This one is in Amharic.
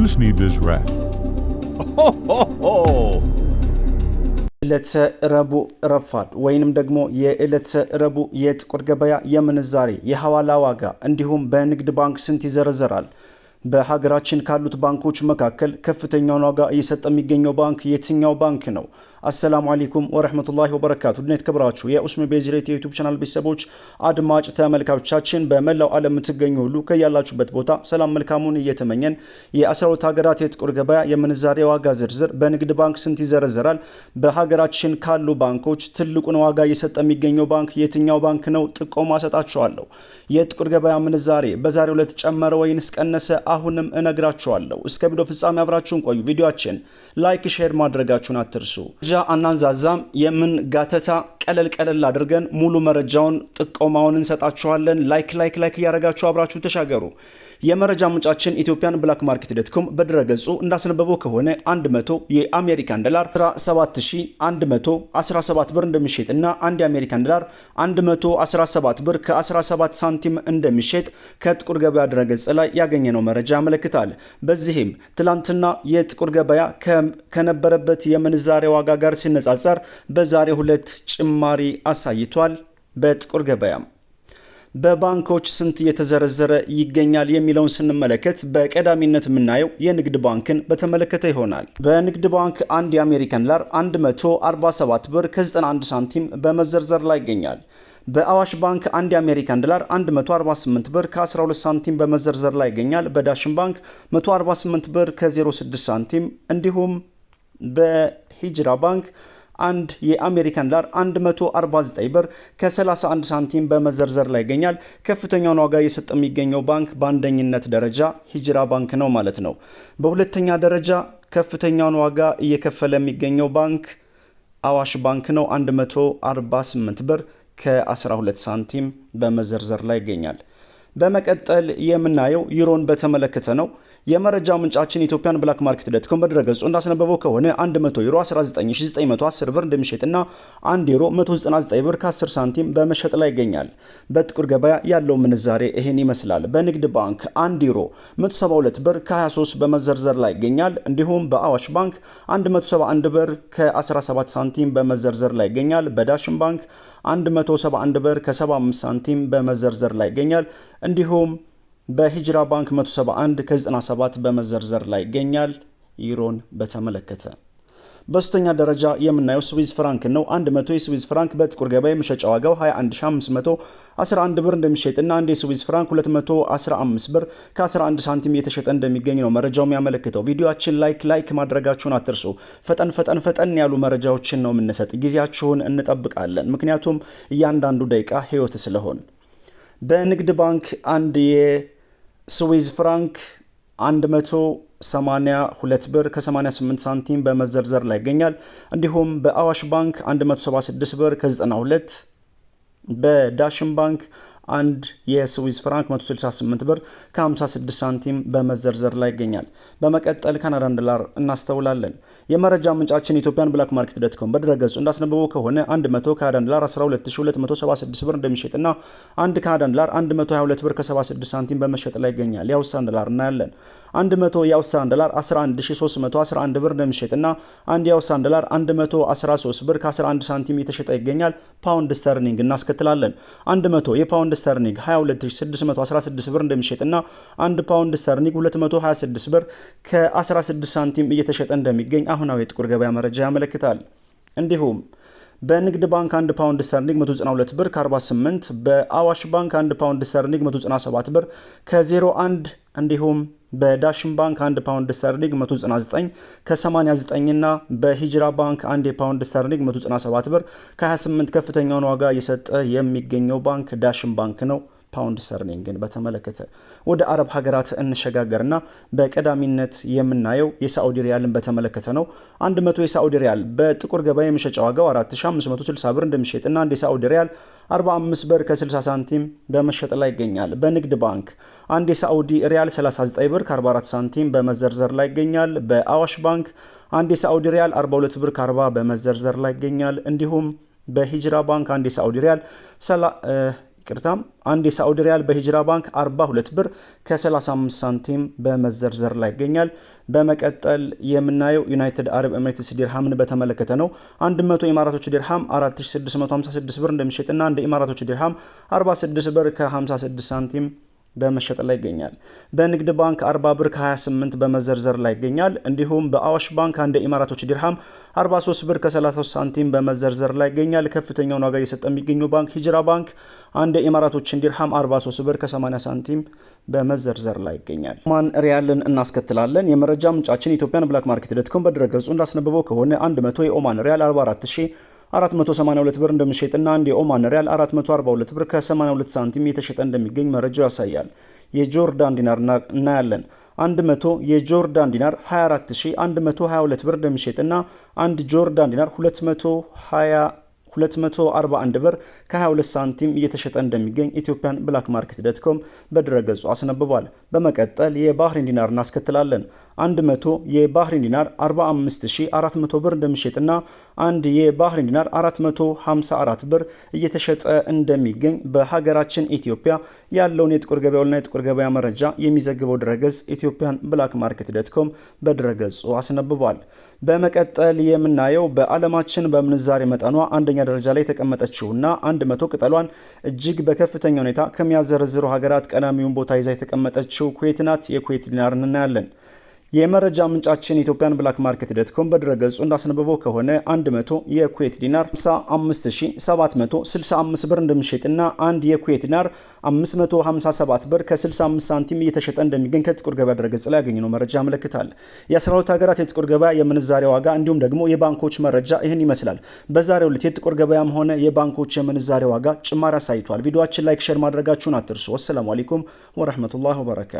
Use me this ዕለተ ረቡዕ ረፋድ ወይንም ደግሞ የዕለተ ረቡዕ የጥቁር ገበያ የምንዛሬ የሐዋላ ዋጋ እንዲሁም በንግድ ባንክ ስንት ይዘረዘራል? በሀገራችን ካሉት ባንኮች መካከል ከፍተኛውን ዋጋ እየሰጠ የሚገኘው ባንክ የትኛው ባንክ ነው? አሰላሙ አሌይኩም ወረህመቱላሂ ወበረካቱ። ድና የተከበራችሁ የኡስሚ ቤዝሬት የዩቱብ ቻናል ቤተሰቦች አድማጭ ተመልካቾቻችን በመላው ዓለም የምትገኙ ሁሉ ከያላችሁበት ቦታ ሰላም መልካሙን እየተመኘን የ12 ሀገራት የጥቁር ገበያ የምንዛሬ ዋጋ ዝርዝር በንግድ ባንክ ስንት ይዘረዘራል? በሀገራችን ካሉ ባንኮች ትልቁን ዋጋ እየሰጠ የሚገኘው ባንክ የትኛው ባንክ ነው? ጥቆማ ሰጣችኋለሁ። የጥቁር ገበያ ምንዛሬ በዛሬው ዕለት ጨመረ ወይንስ ቀነሰ? አሁንም እነግራችኋለሁ። እስከ ቪዲዮ ፍጻሜ አብራችሁን ቆዩ። ቪዲዮችን ላይክ፣ ሼር ማድረጋችሁን አትርሱ። አናንዛዛም፣ የምን ጋተታ ቀለል ቀለል አድርገን ሙሉ መረጃውን ጥቆማውን እንሰጣችኋለን። ላይክ ላይክ ላይክ እያደረጋችሁ አብራችሁ ተሻገሩ። የመረጃ ምንጫችን ኢትዮጵያን ብላክ ማርኬት ዶት ኮም በድረገጹ እንዳስነበበው ከሆነ 100 የአሜሪካን ዶላር 17117 ብር እንደሚሸጥና አንድ የአሜሪካን ዶላር 117 ብር ከ17 ሳንቲም እንደሚሸጥ ከጥቁር ገበያ ድረገጽ ላይ ያገኘነው መረጃ ያመለክታል። በዚህም ትላንትና የጥቁር ገበያ ከነበረበት የምንዛሬ ዋጋ ጋር ሲነጻጸር በዛሬ ሁለት ጭማሪ አሳይቷል። በጥቁር ገበያም በባንኮች ስንት እየተዘረዘረ ይገኛል የሚለውን ስንመለከት በቀዳሚነት የምናየው የንግድ ባንክን በተመለከተ ይሆናል። በንግድ ባንክ አንድ የአሜሪካን ዶላር 147 ብር ከ91 ሳንቲም በመዘርዘር ላይ ይገኛል። በአዋሽ ባንክ አንድ የአሜሪካን ዶላር 148 ብር ከ12 ሳንቲም በመዘርዘር ላይ ይገኛል። በዳሽን ባንክ 148 ብር ከ06 ሳንቲም እንዲሁም በሂጅራ ባንክ አንድ የአሜሪካን ዶላር 149 ብር ከ31 ሳንቲም በመዘርዘር ላይ ይገኛል። ከፍተኛውን ዋጋ እየሰጠ የሚገኘው ባንክ በአንደኝነት ደረጃ ሂጅራ ባንክ ነው ማለት ነው። በሁለተኛ ደረጃ ከፍተኛውን ዋጋ እየከፈለ የሚገኘው ባንክ አዋሽ ባንክ ነው። 148 ብር ከ12 ሳንቲም በመዘርዘር ላይ ይገኛል። በመቀጠል የምናየው ዩሮን በተመለከተ ነው። የመረጃ ምንጫችን ኢትዮጵያን ብላክ ማርኬት ዶት በድረገጹ እንዳስነበበው ከሆነ 100 ዩሮ 19910 ብር እንደሚሸጥና 1 ዩሮ 199 ብር ከ10 ሳንቲም በመሸጥ ላይ ይገኛል። በጥቁር ገበያ ያለው ምንዛሬ ይህን ይመስላል። በንግድ ባንክ 1 ዩሮ 172 ብር ከ23 በመዘርዘር ላይ ይገኛል። እንዲሁም በአዋሽ ባንክ 171 ብር ከ17 ሳንቲም በመዘርዘር ላይ ይገኛል። በዳሽን ባንክ 171 ብር ከ75 ሳንቲም በመዘርዘር ላይ ይገኛል። እንዲሁም በሂጅራ ባንክ 171 ከ97 በመዘርዘር ላይ ይገኛል። ዩሮን በተመለከተ በሶስተኛ ደረጃ የምናየው ስዊዝ ፍራንክን ነው። 100 የስዊዝ ፍራንክ በጥቁር ገበያ የመሸጫ ዋጋው 21511 ብር እንደሚሸጥና አንድ የስዊዝ ፍራንክ 215 ብር ከ11 ሳንቲም እየተሸጠ እንደሚገኝ ነው መረጃው የሚያመለክተው። ቪዲዮችን ላይክ ላይክ ማድረጋችሁን አትርሱ። ፈጠን ፈጠን ፈጠን ያሉ መረጃዎችን ነው የምንሰጥ። ጊዜያችሁን እንጠብቃለን፣ ምክንያቱም እያንዳንዱ ደቂቃ ህይወት ስለሆን። በንግድ ባንክ አንድ የስዊዝ ፍራንክ 100 82 ብር ከ88 ሳንቲም በመዘርዘር ላይ ይገኛል። እንዲሁም በአዋሽ ባንክ 176 ብር ከ92 በዳሽን ባንክ አንድ የስዊዝ ፍራንክ 168 ብር ከ56 ሳንቲም በመዘርዘር ላይ ይገኛል። በመቀጠል ካናዳን ዶላር እናስተውላለን። የመረጃ ምንጫችን ኢትዮጵያን ብላክ ማርኬት ዶትኮም በድረገጹ እንዳስነበበው ከሆነ 100 ካናዳን ዶላር 12276 ብር እንደሚሸጥና 1 ካናዳን ዶላር 122 ብር ከ76 ሳንቲም በመሸጥ ላይ ይገኛል። የአውስትራሊያን ዶላር እናያለን። 100 የአውስትራሊያን ዶላር 11311 ብር እንደሚሸጥና 1 የአውስትራሊያን ዶላር 113 ብር ከ11 ሳንቲም የተሸጠ ይገኛል። ፓውንድ ስተርሊንግ እናስከትላለን። 100 የፓውንድ ፓውንድ ስተርሊንግ 22616 ብር እንደሚሸጥና አንድ ፓውንድ ስተርሊንግ 226 ብር ከ16 ሳንቲም እየተሸጠ እንደሚገኝ አሁናዊ የጥቁር ገበያ መረጃ ያመለክታል። እንዲሁም በንግድ ባንክ 1 ፓውንድ ስተርሊንግ 192 ብር ከ48፣ በአዋሽ ባንክ 1 ፓውንድ ስተርሊንግ 197 ብር ከ01፣ እንዲሁም በዳሽን ባንክ 1 ፓውንድ ስተርሊንግ 199 ከ89 እና በሂጅራ ባንክ 1 የፓውንድ ስተርሊንግ 197 ብር ከ28 ከፍተኛውን ዋጋ እየሰጠ የሚገኘው ባንክ ዳሽን ባንክ ነው። ፓውንድ ስተርሊንግን በተመለከተ ወደ አረብ ሀገራት እንሸጋገርና በቀዳሚነት የምናየው የሳዑዲ ሪያልን በተመለከተ ነው። 100 የሳዑዲ ሪያል በጥቁር ገበያ የመሸጫ ዋጋው 4560 ብር እንደሚሸጥና አንድ የሳዑዲ ሪያል 45 ብር ከ60 ሳንቲም በመሸጥ ላይ ይገኛል። በንግድ ባንክ አንድ የሳዑዲ ሪያል 39 ብር ከ44 ሳንቲም በመዘርዘር ላይ ይገኛል። በአዋሽ ባንክ አንድ የሳዑዲ ሪያል 42 ብር ከ40 በመዘርዘር ላይ ይገኛል። እንዲሁም በሂጅራ ባንክ አንድ የሳዑዲ ሪያል ይቅርታም አንድ የሳዑዲ ሪያል በሂጅራ ባንክ 42 ብር ከ35 ሳንቲም በመዘርዘር ላይ ይገኛል። በመቀጠል የምናየው ዩናይትድ አረብ ኤምሬትስ ዲርሃምን በተመለከተ ነው። 100 ኢማራቶች ዲርሃም 4656 ብር እንደሚሸጥና አንድ የኢማራቶች ዲርሃም 46 ብር ከ56 ሳንቲም በመሸጥ ላይ ይገኛል። በንግድ ባንክ 40 ብር ከ28 በመዘርዘር ላይ ይገኛል። እንዲሁም በአዋሽ ባንክ አንድ ኢማራቶች ዲርሃም 43 ብር ከ33 ሳንቲም በመዘርዘር ላይ ይገኛል። ከፍተኛውን ዋጋ እየሰጠ የሚገኘው ባንክ ሂጅራ ባንክ አንድ ኢማራቶችን ዲርሃም 43 ብር ከ80 ሳንቲም በመዘርዘር ላይ ይገኛል። ማን ሪያልን እናስከትላለን። የመረጃ ምንጫችን ኢትዮጵያን ብላክ ማርኬት ዶት ኮም በድረገጹ እንዳስነበበው ከሆነ 100 የኦማን ሪያል 44 482 ብር እንደሚሸጥና አንድ የኦማን ሪያል 442 ብር ከ82 ሳንቲም የተሸጠ እንደሚገኝ መረጃው ያሳያል። የጆርዳን ዲናር እናያለን። 100 የጆርዳን ዲናር 24122 ብር እንደሚሸጥና አንድ ጆርዳን ዲናር 220 241 ብር ከ22 ሳንቲም እየተሸጠ እንደሚገኝ ኢትዮጵያን ብላክ ማርኬት ዶትኮም በድረገጹ አስነብቧል። በመቀጠል የባህሬን ዲናር እናስከትላለን። 100 የባህሬን ዲናር 45400 ብር እንደሚሸጥና አንድ የባህሬን ዲናር 454 ብር እየተሸጠ እንደሚገኝ በሀገራችን ኢትዮጵያ ያለውን የጥቁር ገበያውና የጥቁር ገበያ መረጃ የሚዘግበው ድረገጽ ኢትዮጵያን ብላክ ማርኬት ዶትኮም በድረገጹ አስነብቧል። በመቀጠል የምናየው በዓለማችን በምንዛሬ መጠኗ አንደኛ ደረጃ ላይ የተቀመጠችውና አንድ መቶ ቅጠሏን እጅግ በከፍተኛ ሁኔታ ከሚያዘረዝሩ ሀገራት ቀዳሚውን ቦታ ይዛ የተቀመጠችው ኩዌት ናት። የኩዌት ዲናርን እናያለን። የመረጃ ምንጫችን ኢትዮጵያን ብላክ ማርኬት ዶት ኮም በድረገጹ እንዳስነበበው ከሆነ 100 የኩዌት ዲናር 55765 ብር እንደሚሸጥና አንድ የኩዌት ዲናር 557 ብር ከ65 ሳንቲም እየተሸጠ እንደሚገኝ ከጥቁር ገበያ ድረገጽ ላይ ያገኘነው መረጃ ያመለክታል። የ12 ሀገራት የጥቁር ገበያ የምንዛሬ ዋጋ እንዲሁም ደግሞ የባንኮች መረጃ ይህን ይመስላል። በዛሬው ዕለት የጥቁር ገበያም ሆነ የባንኮች የምንዛሬ ዋጋ ጭማሪ አሳይቷል። ቪዲዮችን ላይክ፣ ሼር ማድረጋችሁን አትርሱ። ወሰላሙ አሌይኩም ወረህመቱላህ ወበረካቱ